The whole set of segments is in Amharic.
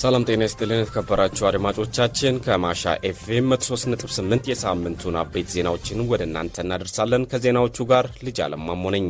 ሰላም ጤና ይስጥልን የተከበራችሁ አድማጮቻችን፣ ከማሻ ኤፍኤም 138 የሳምንቱን አበይት ዜናዎችን ወደ እናንተ እናደርሳለን። ከዜናዎቹ ጋር ልጅ አለማሞ ነኝ።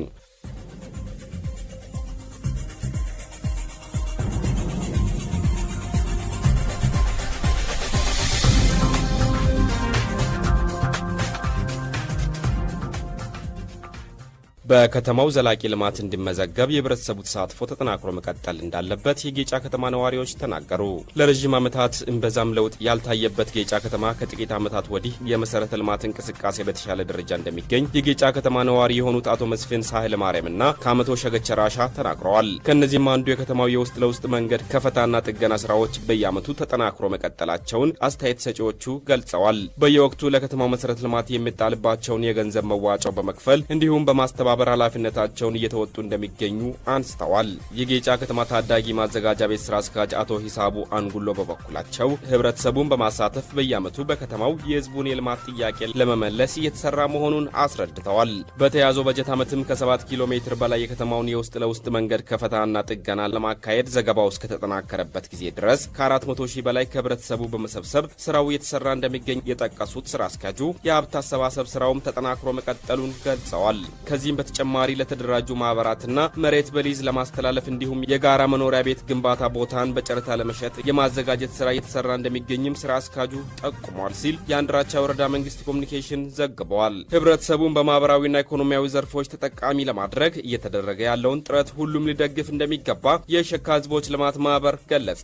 በከተማው ዘላቂ ልማት እንዲመዘገብ የህብረተሰቡ ተሳትፎ ተጠናክሮ መቀጠል እንዳለበት የጌጫ ከተማ ነዋሪዎች ተናገሩ። ለረዥም ዓመታት እምበዛም ለውጥ ያልታየበት ጌጫ ከተማ ከጥቂት ዓመታት ወዲህ የመሰረተ ልማት እንቅስቃሴ በተሻለ ደረጃ እንደሚገኝ የጌጫ ከተማ ነዋሪ የሆኑት አቶ መስፍን ሳህለ ማርያምና ከአመቶ ሸገቸራሻ ተናግረዋል። ከእነዚህም አንዱ የከተማው የውስጥ ለውስጥ መንገድ ከፈታና ጥገና ስራዎች በየዓመቱ ተጠናክሮ መቀጠላቸውን አስተያየት ሰጪዎቹ ገልጸዋል። በየወቅቱ ለከተማው መሰረተ ልማት የሚጣልባቸውን የገንዘብ መዋጫው በመክፈል እንዲሁም በማስተባበ ማህበር ኃላፊነታቸውን እየተወጡ እንደሚገኙ አንስተዋል። የጌጫ ከተማ ታዳጊ ማዘጋጃ ቤት ስራ አስኪያጅ አቶ ሂሳቡ አንጉሎ በበኩላቸው ህብረተሰቡን በማሳተፍ በየዓመቱ በከተማው የህዝቡን የልማት ጥያቄ ለመመለስ እየተሰራ መሆኑን አስረድተዋል። በተያዘው በጀት ዓመትም ከ7 ኪሎ ሜትር በላይ የከተማውን የውስጥ ለውስጥ መንገድ ከፈታና ጥገና ለማካሄድ ዘገባው እስከተጠናከረበት ጊዜ ድረስ ከ400 ሺህ በላይ ከህብረተሰቡ በመሰብሰብ ስራው እየተሰራ እንደሚገኝ የጠቀሱት ስራ አስኪያጁ የሀብት አሰባሰብ ስራውም ተጠናክሮ መቀጠሉን ገልጸዋል። ከዚህም በተጨማሪ ለተደራጁ ማህበራትና መሬት በሊዝ ለማስተላለፍ እንዲሁም የጋራ መኖሪያ ቤት ግንባታ ቦታን በጨረታ ለመሸጥ የማዘጋጀት ስራ እየተሰራ እንደሚገኝም ስራ አስካጁ ጠቁሟል ሲል የአንድራቻ ወረዳ መንግስት ኮሚኒኬሽን ዘግበዋል። ህብረተሰቡን በማህበራዊና ኢኮኖሚያዊ ዘርፎች ተጠቃሚ ለማድረግ እየተደረገ ያለውን ጥረት ሁሉም ሊደግፍ እንደሚገባ የሸካ ህዝቦች ልማት ማህበር ገለጸ።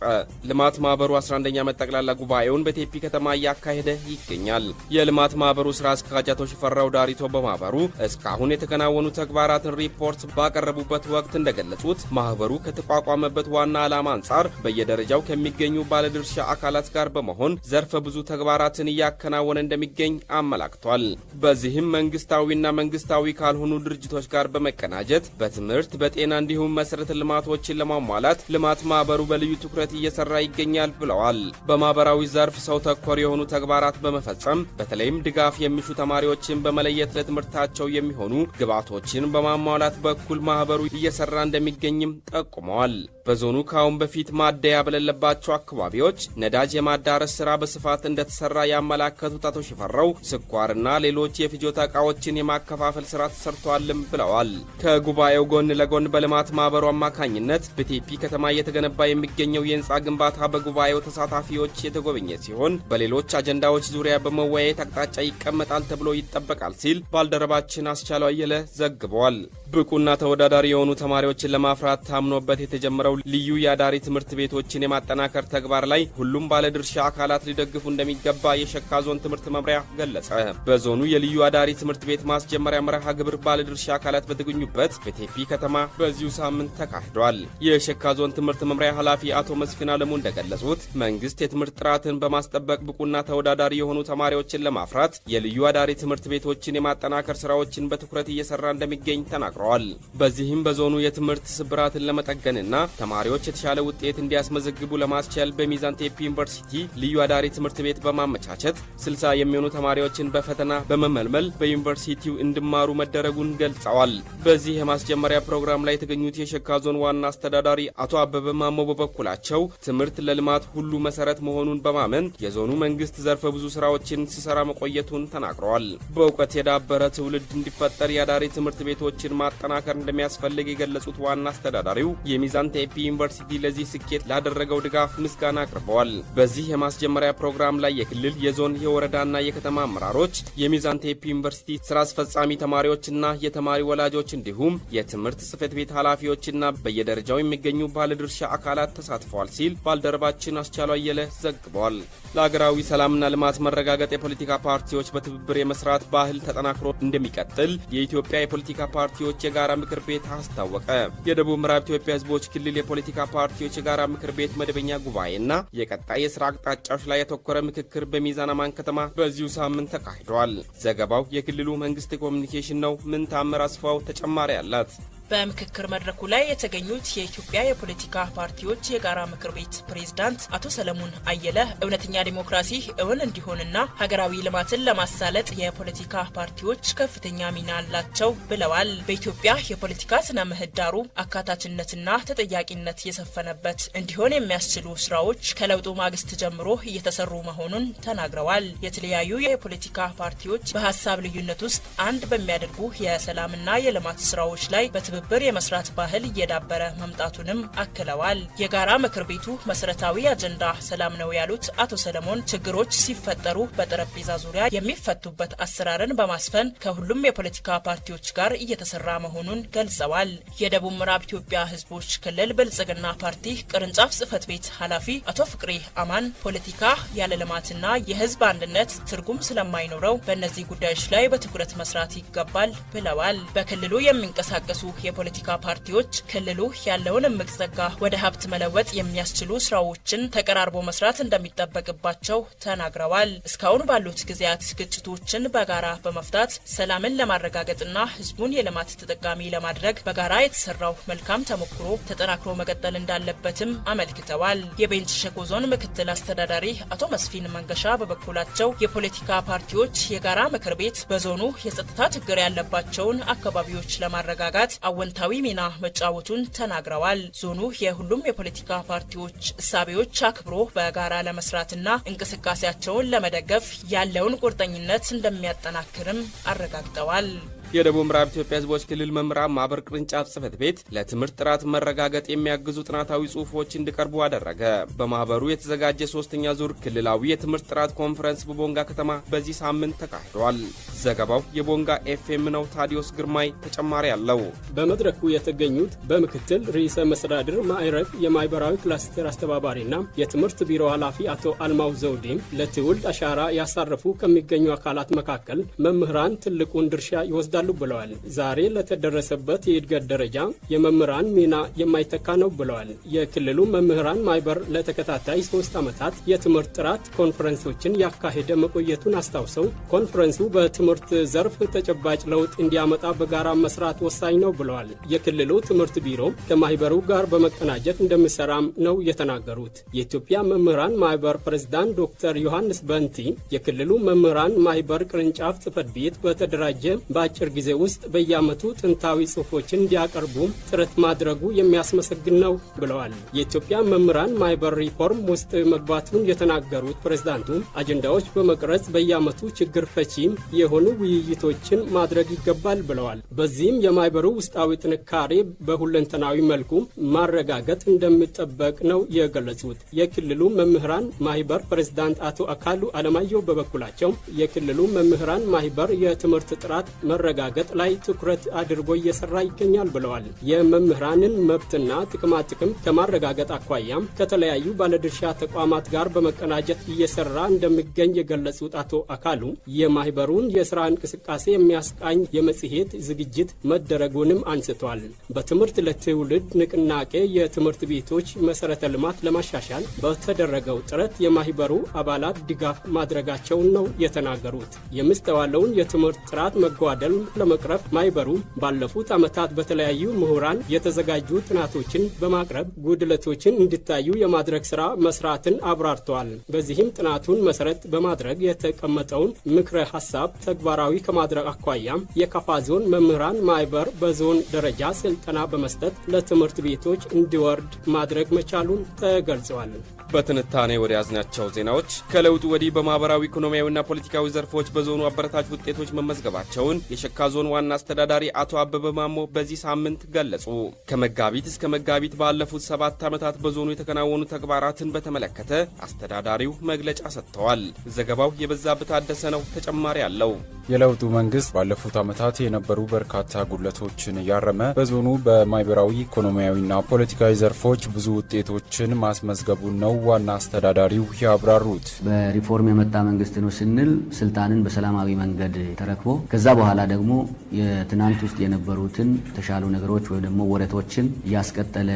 ልማት ማህበሩ 11ኛ ዓመት ጠቅላላ ጉባኤውን በቴፒ ከተማ እያካሄደ ይገኛል። የልማት ማህበሩ ስራ አስኪያጅ አቶ ሽፈራው ዳሪቶ በማህበሩ እስካሁን የተከናወኑ የሆኑ ተግባራትን ሪፖርት ባቀረቡበት ወቅት እንደገለጹት ማህበሩ ከተቋቋመበት ዋና ዓላማ አንጻር በየደረጃው ከሚገኙ ባለድርሻ አካላት ጋር በመሆን ዘርፈ ብዙ ተግባራትን እያከናወነ እንደሚገኝ አመላክቷል። በዚህም መንግስታዊና መንግስታዊ ካልሆኑ ድርጅቶች ጋር በመቀናጀት በትምህርት፣ በጤና እንዲሁም መሰረተ ልማቶችን ለማሟላት ልማት ማህበሩ በልዩ ትኩረት እየሰራ ይገኛል ብለዋል። በማህበራዊ ዘርፍ ሰው ተኮር የሆኑ ተግባራት በመፈጸም በተለይም ድጋፍ የሚሹ ተማሪዎችን በመለየት ለትምህርታቸው የሚሆኑ ግብዓቶች መስፈርቶችን በማሟላት በኩል ማኅበሩ እየሰራ እንደሚገኝም ጠቁመዋል። በዞኑ ከአሁን በፊት ማደያ በሌለባቸው አካባቢዎች ነዳጅ የማዳረስ ሥራ በስፋት እንደተሠራ ያመላከቱት አቶ ሽፈራው ስኳርና ሌሎች የፍጆታ ዕቃዎችን የማከፋፈል ሥራ ተሠርቷልም ብለዋል። ከጉባኤው ጎን ለጎን በልማት ማኅበሩ አማካኝነት በቴፒ ከተማ እየተገነባ የሚገኘው የሕንፃ ግንባታ በጉባኤው ተሳታፊዎች የተጎበኘ ሲሆን በሌሎች አጀንዳዎች ዙሪያ በመወያየት አቅጣጫ ይቀመጣል ተብሎ ይጠበቃል ሲል ባልደረባችን አስቻለው አየለ ዘግበዋል። ብቁና ተወዳዳሪ የሆኑ ተማሪዎችን ለማፍራት ታምኖበት የተጀመረው ልዩ የአዳሪ ትምህርት ቤቶችን የማጠናከር ተግባር ላይ ሁሉም ባለድርሻ አካላት ሊደግፉ እንደሚገባ የሸካ ዞን ትምህርት መምሪያ ገለጸ። በዞኑ የልዩ አዳሪ ትምህርት ቤት ማስጀመሪያ መርሃ ግብር ባለድርሻ አካላት በተገኙበት በቴፒ ከተማ በዚሁ ሳምንት ተካሂዷል። የሸካ ዞን ትምህርት መምሪያ ኃላፊ አቶ መስፍን አለሙ እንደገለጹት መንግስት የትምህርት ጥራትን በማስጠበቅ ብቁና ተወዳዳሪ የሆኑ ተማሪዎችን ለማፍራት የልዩ አዳሪ ትምህርት ቤቶችን የማጠናከር ስራዎችን በትኩረት እየሰራ እንደሚገኝ ተናግሯል። ተናግረዋል። በዚህም በዞኑ የትምህርት ስብራትን ለመጠገንና ተማሪዎች የተሻለ ውጤት እንዲያስመዘግቡ ለማስቻል በሚዛን ቴፒ ዩኒቨርሲቲ ልዩ አዳሪ ትምህርት ቤት በማመቻቸት ስልሳ የሚሆኑ ተማሪዎችን በፈተና በመመልመል በዩኒቨርሲቲው እንዲማሩ መደረጉን ገልጸዋል። በዚህ የማስጀመሪያ ፕሮግራም ላይ የተገኙት የሸካ ዞን ዋና አስተዳዳሪ አቶ አበበ ማሞ በበኩላቸው ትምህርት ለልማት ሁሉ መሰረት መሆኑን በማመን የዞኑ መንግስት ዘርፈ ብዙ ስራዎችን ሲሰራ መቆየቱን ተናግረዋል። በእውቀት የዳበረ ትውልድ እንዲፈጠር የአዳሪ ትምህርት ቤቶችን ማጠናከር እንደሚያስፈልግ የገለጹት ዋና አስተዳዳሪው የሚዛን ቴፒ ዩኒቨርሲቲ ለዚህ ስኬት ላደረገው ድጋፍ ምስጋና አቅርበዋል። በዚህ የማስጀመሪያ ፕሮግራም ላይ የክልል የዞን የወረዳና የከተማ አመራሮች፣ የሚዛን ቴፒ ዩኒቨርሲቲ ስራ አስፈጻሚ ተማሪዎችና የተማሪ ወላጆች እንዲሁም የትምህርት ጽህፈት ቤት ኃላፊዎችና በየደረጃው የሚገኙ ባለድርሻ አካላት ተሳትፈዋል ሲል ባልደረባችን አስቻሉ አየለ ዘግበዋል። ለሀገራዊ ሰላምና ልማት መረጋገጥ የፖለቲካ ፓርቲዎች በትብብር የመስራት ባህል ተጠናክሮ እንደሚቀጥል የኢትዮጵያ የፖለቲካ ፓርቲዎች ህዝቦች የጋራ ምክር ቤት አስታወቀ። የደቡብ ምዕራብ ኢትዮጵያ ህዝቦች ክልል የፖለቲካ ፓርቲዎች የጋራ ምክር ቤት መደበኛ ጉባኤና የቀጣይ የስራ አቅጣጫዎች ላይ የተኮረ ምክክር በሚዛን አማን ከተማ በዚሁ ሳምንት ተካሂዷል። ዘገባው የክልሉ መንግስት ኮሚኒኬሽን ነው። ምን ታምር አስፋው ተጨማሪ አላት። በምክክር መድረኩ ላይ የተገኙት የኢትዮጵያ የፖለቲካ ፓርቲዎች የጋራ ምክር ቤት ፕሬዝዳንት አቶ ሰለሞን አየለ እውነተኛ ዲሞክራሲ እውን እንዲሆንና ሀገራዊ ልማትን ለማሳለጥ የፖለቲካ ፓርቲዎች ከፍተኛ ሚና አላቸው ብለዋል። በኢትዮጵያ የፖለቲካ ስነ ምህዳሩ አካታችነትና ተጠያቂነት የሰፈነበት እንዲሆን የሚያስችሉ ስራዎች ከለውጡ ማግስት ጀምሮ እየተሰሩ መሆኑን ተናግረዋል። የተለያዩ የፖለቲካ ፓርቲዎች በሀሳብ ልዩነት ውስጥ አንድ በሚያደርጉ የሰላምና የልማት ስራዎች ላይ በትብ በትብብር የመስራት ባህል እየዳበረ መምጣቱንም አክለዋል። የጋራ ምክር ቤቱ መሰረታዊ አጀንዳ ሰላም ነው ያሉት አቶ ሰለሞን ችግሮች ሲፈጠሩ በጠረጴዛ ዙሪያ የሚፈቱበት አሰራርን በማስፈን ከሁሉም የፖለቲካ ፓርቲዎች ጋር እየተሰራ መሆኑን ገልጸዋል። የደቡብ ምዕራብ ኢትዮጵያ ሕዝቦች ክልል ብልጽግና ፓርቲ ቅርንጫፍ ጽህፈት ቤት ኃላፊ አቶ ፍቅሬ አማን ፖለቲካ ያለ ልማትና የህዝብ አንድነት ትርጉም ስለማይኖረው በእነዚህ ጉዳዮች ላይ በትኩረት መስራት ይገባል ብለዋል። በክልሉ የሚንቀሳቀሱ የፖለቲካ ፓርቲዎች ክልሉ ያለውን እምቅ ጸጋ ወደ ሀብት መለወጥ የሚያስችሉ ስራዎችን ተቀራርቦ መስራት እንደሚጠበቅባቸው ተናግረዋል። እስካሁን ባሉት ጊዜያት ግጭቶችን በጋራ በመፍታት ሰላምን ለማረጋገጥና ህዝቡን የልማት ተጠቃሚ ለማድረግ በጋራ የተሰራው መልካም ተሞክሮ ተጠናክሮ መቀጠል እንዳለበትም አመልክተዋል። የቤንች ሸኮ ዞን ምክትል አስተዳዳሪ አቶ መስፊን መንገሻ በበኩላቸው የፖለቲካ ፓርቲዎች የጋራ ምክር ቤት በዞኑ የጸጥታ ችግር ያለባቸውን አካባቢዎች ለማረጋጋት አወንታዊ ሚና መጫወቱን ተናግረዋል። ዞኑ የሁሉም የፖለቲካ ፓርቲዎች እሳቤዎች አክብሮ በጋራ ለመስራትና እንቅስቃሴያቸውን ለመደገፍ ያለውን ቁርጠኝነት እንደሚያጠናክርም አረጋግጠዋል። የደቡብ ምዕራብ ኢትዮጵያ ህዝቦች ክልል መምህራን ማህበር ቅርንጫፍ ጽህፈት ቤት ለትምህርት ጥራት መረጋገጥ የሚያግዙ ጥናታዊ ጽሑፎች እንዲቀርቡ አደረገ። በማህበሩ የተዘጋጀ ሶስተኛ ዙር ክልላዊ የትምህርት ጥራት ኮንፈረንስ በቦንጋ ከተማ በዚህ ሳምንት ተካሂዷል። ዘገባው የቦንጋ ኤፍኤም ነው። ታዲዮስ ግርማይ ተጨማሪ አለው። በመድረኩ የተገኙት በምክትል ርዕሰ መስተዳድር ማዕረግ የማህበራዊ ክላስተር አስተባባሪና የትምህርት ቢሮ ኃላፊ አቶ አልማው ዘውዴም ለትውልድ አሻራ ያሳረፉ ከሚገኙ አካላት መካከል መምህራን ትልቁን ድርሻ ይወስዳል ይወስዳሉ ብለዋል። ዛሬ ለተደረሰበት የእድገት ደረጃ የመምህራን ሚና የማይተካ ነው ብለዋል። የክልሉ መምህራን ማህበር ለተከታታይ ሶስት ዓመታት የትምህርት ጥራት ኮንፈረንሶችን ያካሄደ መቆየቱን አስታውሰው ኮንፈረንሱ በትምህርት ዘርፍ ተጨባጭ ለውጥ እንዲያመጣ በጋራ መስራት ወሳኝ ነው ብለዋል። የክልሉ ትምህርት ቢሮ ከማህበሩ ጋር በመቀናጀት እንደሚሰራም ነው የተናገሩት። የኢትዮጵያ መምህራን ማህበር ፕሬዝዳንት ዶክተር ዮሐንስ በንቲ የክልሉ መምህራን ማህበር ቅርንጫፍ ጽህፈት ቤት በተደራጀ በአጭር በአጭር ጊዜ ውስጥ በየዓመቱ ጥንታዊ ጽሑፎችን እንዲያቀርቡ ጥረት ማድረጉ የሚያስመሰግን ነው ብለዋል። የኢትዮጵያ መምህራን ማህበር ሪፎርም ውስጥ መግባቱን የተናገሩት ፕሬዝዳንቱ አጀንዳዎች በመቅረጽ በየዓመቱ ችግር ፈቺ የሆኑ ውይይቶችን ማድረግ ይገባል ብለዋል። በዚህም የማህበሩ ውስጣዊ ጥንካሬ በሁለንተናዊ መልኩ ማረጋገጥ እንደሚጠበቅ ነው የገለጹት። የክልሉ መምህራን ማህበር ፕሬዝዳንት አቶ አካሉ አለማየሁ በበኩላቸው የክልሉ መምህራን ማህበር የትምህርት ጥራት መረጋ ማረጋገጥ ላይ ትኩረት አድርጎ እየሰራ ይገኛል ብለዋል። የመምህራንን መብትና ጥቅማጥቅም ከማረጋገጥ አኳያም ከተለያዩ ባለድርሻ ተቋማት ጋር በመቀናጀት እየሰራ እንደሚገኝ የገለጹት አቶ አካሉ የማህበሩን የስራ እንቅስቃሴ የሚያስቃኝ የመጽሔት ዝግጅት መደረጉንም አንስቷል። በትምህርት ለትውልድ ንቅናቄ የትምህርት ቤቶች መሰረተ ልማት ለማሻሻል በተደረገው ጥረት የማህበሩ አባላት ድጋፍ ማድረጋቸውን ነው የተናገሩት። የምስተዋለውን የትምህርት ጥራት መጓደል ለመቅረፍ ማይበሩ ባለፉት ዓመታት በተለያዩ ምሁራን የተዘጋጁ ጥናቶችን በማቅረብ ጉድለቶችን እንዲታዩ የማድረግ ስራ መስራትን አብራርተዋል። በዚህም ጥናቱን መሰረት በማድረግ የተቀመጠውን ምክረ ሀሳብ ተግባራዊ ከማድረግ አኳያም የካፋ ዞን መምህራን ማይበር በዞን ደረጃ ስልጠና በመስጠት ለትምህርት ቤቶች እንዲወርድ ማድረግ መቻሉን ተገልጸዋል። በትንታኔ ወደ ያዝናቸው ዜናዎች ከለውጡ ወዲህ በማህበራዊ ኢኮኖሚያዊና ፖለቲካዊ ዘርፎች በዞኑ አበረታች ውጤቶች መመዝገባቸውን የሸካ ዞን ዋና አስተዳዳሪ አቶ አበበ ማሞ በዚህ ሳምንት ገለጹ። ከመጋቢት እስከ መጋቢት ባለፉት ሰባት ዓመታት በዞኑ የተከናወኑ ተግባራትን በተመለከተ አስተዳዳሪው መግለጫ ሰጥተዋል። ዘገባው የበዛብህ ታደሰ ነው። ተጨማሪ አለው። የለውጡ መንግስት ባለፉት ዓመታት የነበሩ በርካታ ጉድለቶችን እያረመ በዞኑ በማህበራዊ ኢኮኖሚያዊና ፖለቲካዊ ዘርፎች ብዙ ውጤቶችን ማስመዝገቡን ነው ዋና አስተዳዳሪው ያብራሩት። በሪፎርም የመጣ መንግስት ነው ስንል ስልጣንን በሰላማዊ መንገድ ተረክቦ ከዛ በኋላ ደግሞ የትናንት ውስጥ የነበሩትን የተሻሉ ነገሮች ወይም ደግሞ ወረቶችን እያስቀጠለ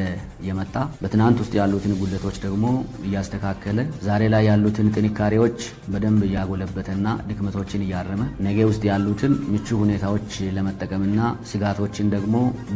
የመጣ በትናንት ውስጥ ያሉትን ጉድለቶች ደግሞ እያስተካከለ ዛሬ ላይ ያሉትን ጥንካሬዎች በደንብ እያጎለበተና ድክመቶችን እያረመ ነገ ውስጥ ያሉትን ምቹ ሁኔታዎች ለመጠቀምና ስጋቶችን ደግሞ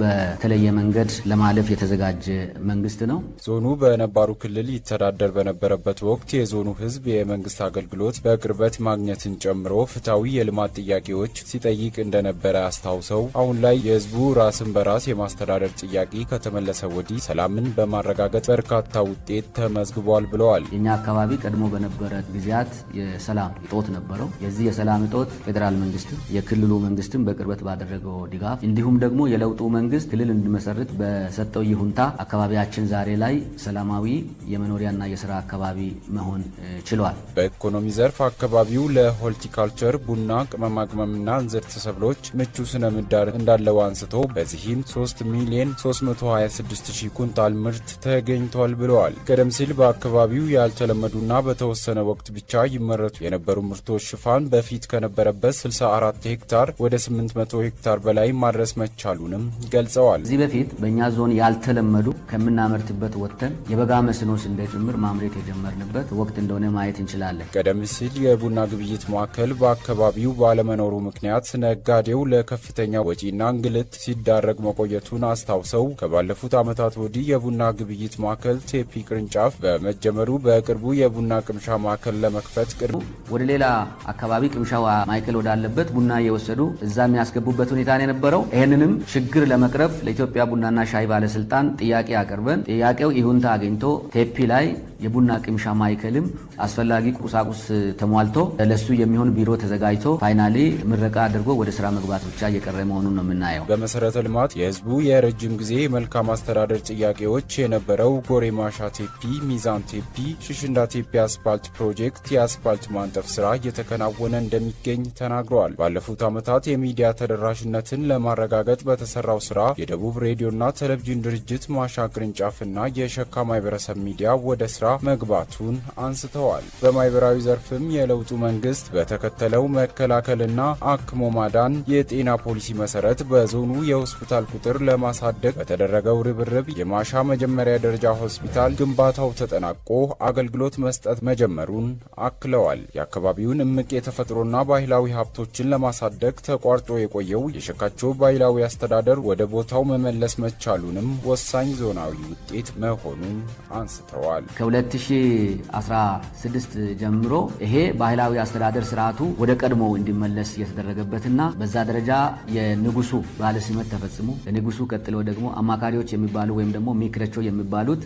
በተለየ መንገድ ለማለፍ የተዘጋጀ መንግስት ነው። ዞኑ በነባሩ ክልል ይተዳደ ሲተዳደር በነበረበት ወቅት የዞኑ ህዝብ የመንግስት አገልግሎት በቅርበት ማግኘትን ጨምሮ ፍትሐዊ የልማት ጥያቄዎች ሲጠይቅ እንደነበረ አስታውሰው አሁን ላይ የህዝቡ ራስን በራስ የማስተዳደር ጥያቄ ከተመለሰ ወዲህ ሰላምን በማረጋገጥ በርካታ ውጤት ተመዝግቧል ብለዋል። የኛ አካባቢ ቀድሞ በነበረ ጊዜያት የሰላም እጦት ነበረው። የዚህ የሰላም እጦት ፌዴራል መንግስትም የክልሉ መንግስትም በቅርበት ባደረገው ድጋፍ እንዲሁም ደግሞ የለውጡ መንግስት ክልል እንዲመሰርት በሰጠው ይሁንታ አካባቢያችን ዛሬ ላይ ሰላማዊ የመኖሪያና የስራ አካባቢ መሆን ችሏል። በኢኮኖሚ ዘርፍ አካባቢው ለሆልቲካልቸር ቡና፣ ቅመማ ቅመምና እንዝርት ሰብሎች ምቹ ስነ ምህዳር እንዳለው አንስቶ በዚህም 3 ሚሊዮን 326 ሺህ ኩንታል ምርት ተገኝቷል ብለዋል። ቀደም ሲል በአካባቢው ያልተለመዱና በተወሰነ ወቅት ብቻ ይመረቱ የነበሩ ምርቶች ሽፋን በፊት ከነበረበት 64 ሄክታር ወደ 800 ሄክታር በላይ ማድረስ መቻሉንም ገልጸዋል። ከዚህ በፊት በእኛ ዞን ያልተለመዱ ከምናመርትበት ወጥተን የበጋ መስኖ ስንዴ ጭምር ጭምር ማምረት የጀመርንበት ወቅት እንደሆነ ማየት እንችላለን። ቀደም ሲል የቡና ግብይት ማዕከል በአካባቢው ባለመኖሩ ምክንያት ነጋዴው ለከፍተኛ ወጪና እንግልት ሲዳረግ መቆየቱን አስታውሰው ከባለፉት ዓመታት ወዲህ የቡና ግብይት ማዕከል ቴፒ ቅርንጫፍ በመጀመሩ በቅርቡ የቡና ቅምሻ ማዕከል ለመክፈት ቅድ ወደ ሌላ አካባቢ ቅምሻ ማዕከል ወዳለበት ቡና እየወሰዱ እዛ የሚያስገቡበት ሁኔታ ነው የነበረው። ይህንንም ችግር ለመቅረፍ ለኢትዮጵያ ቡናና ሻይ ባለስልጣን ጥያቄ አቅርበን ጥያቄው ይሁንታ አግኝቶ ቴፒ ላይ የቡና ቅምሻ ማይከልም አስፈላጊ ቁሳቁስ ተሟልቶ ለሱ የሚሆን ቢሮ ተዘጋጅቶ ፋይናሊ ምረቃ አድርጎ ወደ ስራ መግባት ብቻ እየቀረ መሆኑን ነው የምናየው። በመሰረተ ልማት የህዝቡ የረጅም ጊዜ መልካም አስተዳደር ጥያቄዎች የነበረው ጎሬማሻ ቴፒ፣ ሚዛን ቴፒ፣ ሽሽንዳ ቴፒ አስፓልት ፕሮጀክት የአስፓልት ማንጠፍ ስራ እየተከናወነ እንደሚገኝ ተናግረዋል። ባለፉት ዓመታት የሚዲያ ተደራሽነትን ለማረጋገጥ በተሰራው ስራ የደቡብ ሬዲዮና ቴሌቪዥን ድርጅት ማሻ ቅርንጫፍና የሸካ ማህበረሰብ ሚዲያ ወደ ስራ መግባቱን አንስተዋል። በማህበራዊ ዘርፍም የለውጡ መንግስት በተከተለው መከላከልና አክሞ ማዳን የጤና ፖሊሲ መሰረት በዞኑ የሆስፒታል ቁጥር ለማሳደግ በተደረገው ርብርብ የማሻ መጀመሪያ ደረጃ ሆስፒታል ግንባታው ተጠናቆ አገልግሎት መስጠት መጀመሩን አክለዋል። የአካባቢውን እምቅ የተፈጥሮና ባህላዊ ሀብቶችን ለማሳደግ ተቋርጦ የቆየው የሸካቾ ባህላዊ አስተዳደር ወደ ቦታው መመለስ መቻሉንም ወሳኝ ዞናዊ ውጤት መሆኑን አንስተዋል። 2016 ጀምሮ ይሄ ባህላዊ አስተዳደር ስርዓቱ ወደ ቀድሞ እንዲመለስ የተደረገበትና በዛ ደረጃ የንጉሱ ባለ ስመት ተፈጽሞ ለንጉሱ ቀጥለው ደግሞ አማካሪዎች የሚባሉ ወይም ደግሞ ሚክረቾ የሚባሉት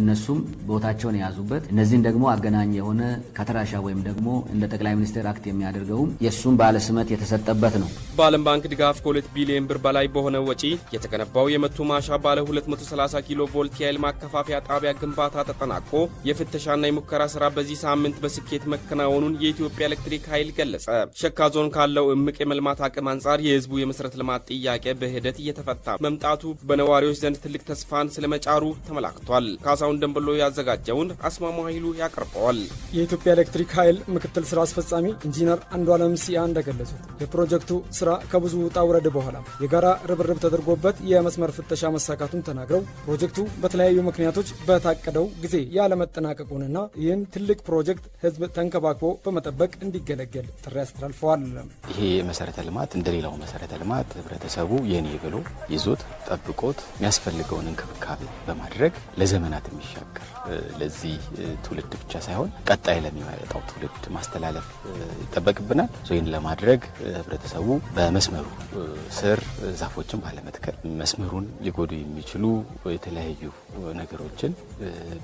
እነሱም ቦታቸውን የያዙበት እነዚህን ደግሞ አገናኝ የሆነ ከተራሻ ወይም ደግሞ እንደ ጠቅላይ ሚኒስትር አክት የሚያደርገውም የእሱም ስመት የተሰጠበት ነው። በዓለም ባንክ ድጋፍ ከሁለት ቢሊዮን ብር በላይ በሆነ ወጪ የተገነባው የመቱ ማሻ ባለ 230 ኪሎ ቮልት የኃይል ማከፋፈያ ጣቢያ ግንባታ ተጠናቆ የፍተሻና የሙከራ ስራ በዚህ ሳምንት በስኬት መከናወኑን የኢትዮጵያ ኤሌክትሪክ ኃይል ገለጸ። ሸካ ዞን ካለው እምቅ የመልማት አቅም አንጻር የህዝቡ የመሰረተ ልማት ጥያቄ በሂደት እየተፈታ መምጣቱ በነዋሪዎች ዘንድ ትልቅ ተስፋን ስለመጫሩ ተመላክቷል። ካሳውን ደንብሎ ያዘጋጀውን አስማማ ኃይሉ ያቀርበዋል። የኢትዮጵያ ኤሌክትሪክ ኃይል ምክትል ስራ አስፈጻሚ ኢንጂነር አንዱ ሲያ እንደገለጹት የፕሮጀክቱ ስራ ከብዙ ውጣ ውረድ በኋላ የጋራ ርብርብ ተደርጎበት የመስመር ፍተሻ መሳካቱን ተናግረው ፕሮጀክቱ በተለያዩ ምክንያቶች በታቀደው ጊዜ ያለመጠናቀቁንና ይህን ትልቅ ፕሮጀክት ህዝብ ተንከባክቦ በመጠበቅ እንዲገለገል ጥሪ አስተላልፈዋል። ይሄ መሰረተ ልማት እንደሌላው መሰረተ ልማት ህብረተሰቡ የኔ ብሎ ይዞት ጠብቆት የሚያስፈልገውን እንክብካቤ በማድረግ ለዘመናት የሚሻገር ለዚህ ትውልድ ብቻ ሳይሆን ቀጣይ ለሚመጣው ትውልድ ማስተላለፍ ይጠበቅብናል። ይህን ለማድረግ ህብረተሰቡ በመስመሩ ስር ዛፎችን ባለመትከል መስመሩን ሊጎዱ የሚችሉ የተለያዩ ነገሮችን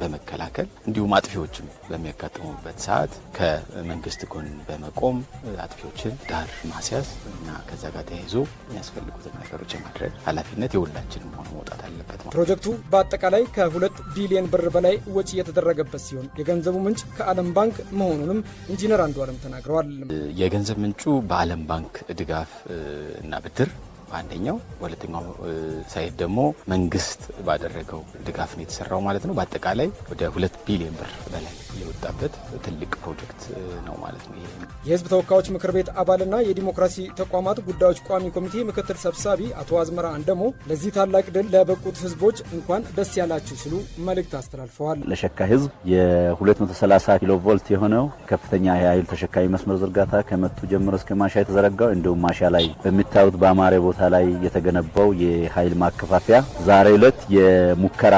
በመከላከል በመከላከል እንዲሁም አጥፊዎችም በሚያጋጥሙበት ሰዓት ከመንግስት ጎን በመቆም አጥፊዎችን ዳር ማስያዝ እና ከዛ ጋር ተያይዞ የሚያስፈልጉትን ነገሮች የማድረግ ኃላፊነት የሁላችን መሆኑ መውጣት አለበት። ፕሮጀክቱ በአጠቃላይ ከሁለት ቢሊዮን ብር በላይ ወጪ የተደረገበት ሲሆን የገንዘቡ ምንጭ ከዓለም ባንክ መሆኑንም ኢንጂነር አለም ተናግረዋል። የገንዘብ ምንጩ በዓለም ባንክ ድጋፍ እና ብድር አንደኛው በሁለተኛው ሳይት ደግሞ መንግስት ባደረገው ድጋፍ ነው የተሰራው ማለት ነው። በአጠቃላይ ወደ ሁለት ቢሊዮን ብር በላይ የወጣበት ትልቅ ፕሮጀክት ነው ማለት ነው። የህዝብ ተወካዮች ምክር ቤት አባልና የዲሞክራሲ ተቋማት ጉዳዮች ቋሚ ኮሚቴ ምክትል ሰብሳቢ አቶ አዝመራ አንደሞ ለዚህ ታላቅ ድል ለበቁት ህዝቦች እንኳን ደስ ያላችሁ ሲሉ መልእክት አስተላልፈዋል። ለሸካ ህዝብ የ230 ኪሎ ቮልት የሆነው ከፍተኛ የኃይል ተሸካሚ መስመር ዝርጋታ ከመቱ ጀምሮ እስከ ማሻ የተዘረጋው እንዲሁም ማሻ ላይ በሚታዩት በአማረ ቦታ ቦታ ላይ የተገነባው የኃይል ማከፋፈያ ዛሬ ዕለት የሙከራ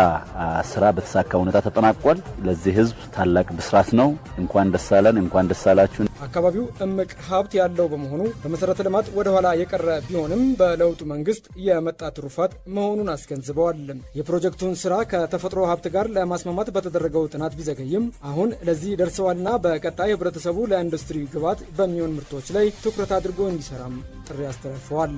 ስራ በተሳካ ሁኔታ ተጠናቋል። ለዚህ ህዝብ ታላቅ ብስራት ነው። እንኳን ደስ አለን፣ እንኳን ደስ አላችሁ። አካባቢው እምቅ ሀብት ያለው በመሆኑ በመሰረተ ልማት ወደኋላ የቀረ ቢሆንም በለውጡ መንግስት የመጣ ትሩፋት መሆኑን አስገንዝበዋል። የፕሮጀክቱን ስራ ከተፈጥሮ ሀብት ጋር ለማስማማት በተደረገው ጥናት ቢዘገይም አሁን ለዚህ ደርሰዋልና በቀጣይ ህብረተሰቡ ለኢንዱስትሪ ግብዓት በሚሆን ምርቶች ላይ ትኩረት አድርጎ እንዲሰራም ጥሪ አስተላልፈዋል።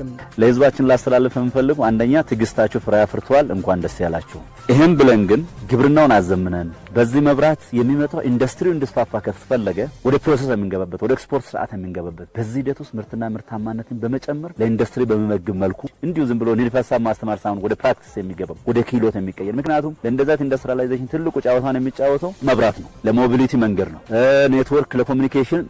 ለህዝባችን ላስተላልፍ የምፈልጉ አንደኛ ትዕግስታችሁ ፍሬ አፍርተዋል፣ እንኳን ደስ ያላችሁ። ይህም ብለን ግን ግብርናውን አዘምነን በዚህ መብራት የሚመጣው ኢንዱስትሪው እንዲስፋፋ ከተፈለገ ወደ ፕሮሰስ የምንገባበት የምንገባበት ወደ ኤክስፖርት ስርዓት የምንገባበት በዚህ ሂደት ውስጥ ምርትና ምርታማነትን በመጨመር ለኢንዱስትሪ በመመግብ መልኩ እንዲሁ ዝም ብሎ ንድፈ ሀሳብ ማስተማር ሳይሆን ወደ ፕራክቲስ የሚገባው ወደ ክህሎት የሚቀየር ምክንያቱም ለእንደዛት ኢንዱስትሪላይዜሽን ትልቁ ጨዋታውን የሚጫወተው መብራት ነው፣ ለሞቢሊቲ መንገድ ነው፣ ኔትወርክ ለኮሚኒኬሽን፣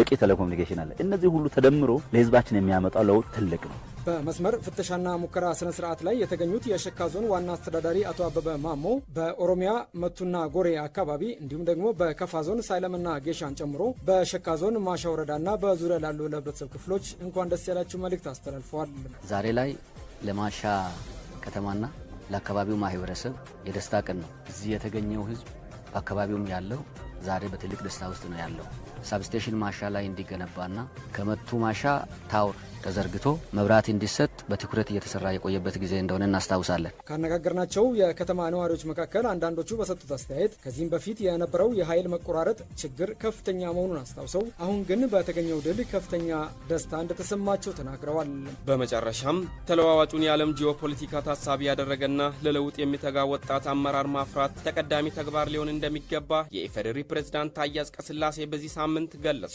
በቂ ቴሌኮሙኒኬሽን አለ። እነዚህ ሁሉ ተደምሮ ለህዝባችን የሚያመጣው ለውጥ ትልቅ ነው። በመስመር ፍተሻና ሙከራ ስነ ስርዓት ላይ የተገኙት የሸካ ዞን ዋና አስተዳዳሪ አቶ አበበ ማሞ በኦሮሚያ መቱና ጎሬ አካባቢ እንዲሁም ደግሞ በከፋ ዞን ሳይለምና ጌሻን ጨምሮ በሸካ ዞን ማሻ ወረዳና በዙሪያ ላሉ ለህብረተሰብ ክፍሎች እንኳን ደስ ያላችሁ መልእክት አስተላልፈዋል። ዛሬ ላይ ለማሻ ከተማና ለአካባቢው ማህበረሰብ የደስታ ቀን ነው። እዚህ የተገኘው ህዝብ በአካባቢውም ያለው ዛሬ በትልቅ ደስታ ውስጥ ነው ያለው። ሳብስቴሽን ማሻ ላይ እንዲገነባና ከመቱ ማሻ ታውር ተዘርግቶ መብራት እንዲሰጥ በትኩረት እየተሰራ የቆየበት ጊዜ እንደሆነ እናስታውሳለን። ካነጋገርናቸው የከተማ ነዋሪዎች መካከል አንዳንዶቹ በሰጡት አስተያየት ከዚህም በፊት የነበረው የኃይል መቆራረጥ ችግር ከፍተኛ መሆኑን አስታውሰው አሁን ግን በተገኘው ድል ከፍተኛ ደስታ እንደተሰማቸው ተናግረዋል። በመጨረሻም ተለዋዋጩን የዓለም ጂኦፖለቲካ ታሳቢ ያደረገና ለለውጥ የሚተጋ ወጣት አመራር ማፍራት ተቀዳሚ ተግባር ሊሆን እንደሚገባ የኢፌዴሪ ፕሬዝዳንት ታዬ አጽቀሥላሴ በዚህ ሳምንት ገለጹ።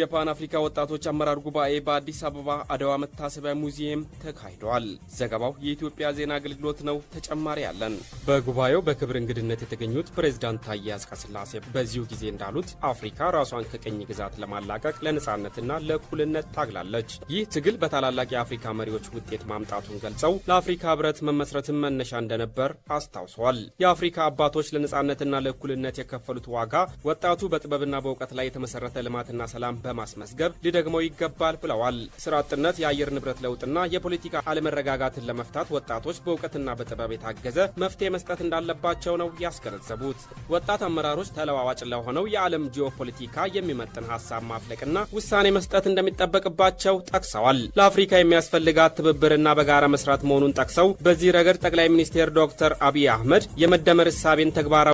የፓን አፍሪካ ወጣቶች አመራር ጉባኤ በአዲስ አበባ አድዋ መታሰቢያ ሙዚየም ተካሂደዋል። ዘገባው የኢትዮጵያ ዜና አገልግሎት ነው። ተጨማሪ አለን። በጉባኤው በክብር እንግድነት የተገኙት ፕሬዝዳንት ታዬ አጽቀሥላሴ በዚሁ ጊዜ እንዳሉት አፍሪካ ራሷን ከቅኝ ግዛት ለማላቀቅ ለነፃነትና ለእኩልነት ታግላለች። ይህ ትግል በታላላቅ የአፍሪካ መሪዎች ውጤት ማምጣቱን ገልጸው ለአፍሪካ ህብረት መመስረትን መነሻ እንደነበር አስታውሰዋል። የአፍሪካ አባቶች ለነፃነትና ለእኩልነት የከፈሉት ዋጋ ወጣቱ በጥበብና በእውቀት ላይ የተመሰረተ ልማትና ሰላም በማስመዝገብ ሊደግመው ይገባል ብለዋል። ስራ ወጥነት የአየር ንብረት ለውጥና የፖለቲካ አለመረጋጋትን ለመፍታት ወጣቶች በእውቀትና በጥበብ የታገዘ መፍትሄ መስጠት እንዳለባቸው ነው ያስገነዘቡት። ወጣት አመራሮች ተለዋዋጭ ለሆነው የዓለም ጂኦፖለቲካ የሚመጥን ሀሳብ ማፍለቅና ውሳኔ መስጠት እንደሚጠበቅባቸው ጠቅሰዋል። ለአፍሪካ የሚያስፈልጋት ትብብርና በጋራ መስራት መሆኑን ጠቅሰው በዚህ ረገድ ጠቅላይ ሚኒስትር ዶክተር አብይ አህመድ የመደመር እሳቤን ተግባራዊ